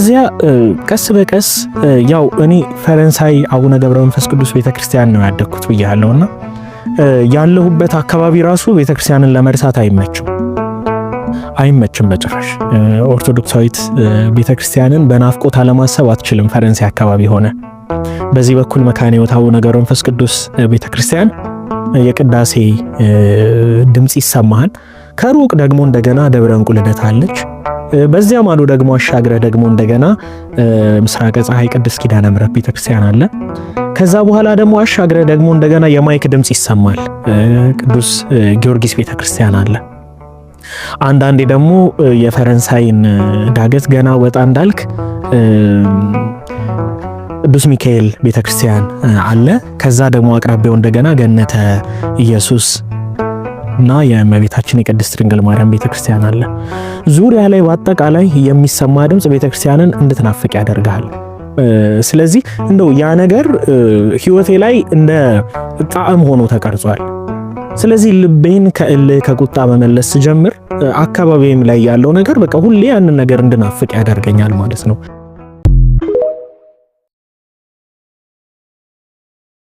ከዚያ ቀስ በቀስ ያው እኔ ፈረንሳይ አቡነ ገብረ መንፈስ ቅዱስ ቤተክርስቲያን ነው ያደግኩት ብያለሁና ያለሁበት አካባቢ ራሱ ቤተክርስቲያንን ለመርሳት አይመችም አይመችም በጭራሽ። ኦርቶዶክሳዊት ቤተክርስቲያንን በናፍቆት አለማሰብ አትችልም። ፈረንሳይ አካባቢ ሆነ በዚህ በኩል መካነ ሕይወት አቡነ ገብረ መንፈስ ቅዱስ ቤተክርስቲያን የቅዳሴ ድምፅ ይሰማሃል። ከሩቅ ደግሞ እንደገና ደብረ እንቁልነት አለች። በዚያ ማዶ ደግሞ አሻግረ ደግሞ እንደገና ምስራቀ ፀሐይ ቅድስት ኪዳነ ምሕረት ቤተክርስቲያን አለ። ከዛ በኋላ ደግሞ አሻግረ ደግሞ እንደገና የማይክ ድምፅ ይሰማል። ቅዱስ ጊዮርጊስ ቤተክርስቲያን አለ። አንዳንዴ ደግሞ የፈረንሳይን ዳገት ገና ወጣ እንዳልክ ቅዱስ ሚካኤል ቤተክርስቲያን አለ። ከዛ ደግሞ አቅራቢያው እንደገና ገነተ ኢየሱስ እና የእመቤታችን የቅድስት ድንግል ማርያም ቤተክርስቲያን አለ። ዙሪያ ላይ በአጠቃላይ የሚሰማ ድምፅ ቤተክርስቲያንን እንድትናፍቅ ያደርግሃል። ስለዚህ እንደው ያ ነገር ህይወቴ ላይ እንደ ጣዕም ሆኖ ተቀርጿል። ስለዚህ ልቤን ከእልህ ከቁጣ መመለስ ስጀምር አካባቢም ላይ ያለው ነገር በቃ ሁሌ ያንን ነገር እንድናፍቅ ያደርገኛል ማለት ነው።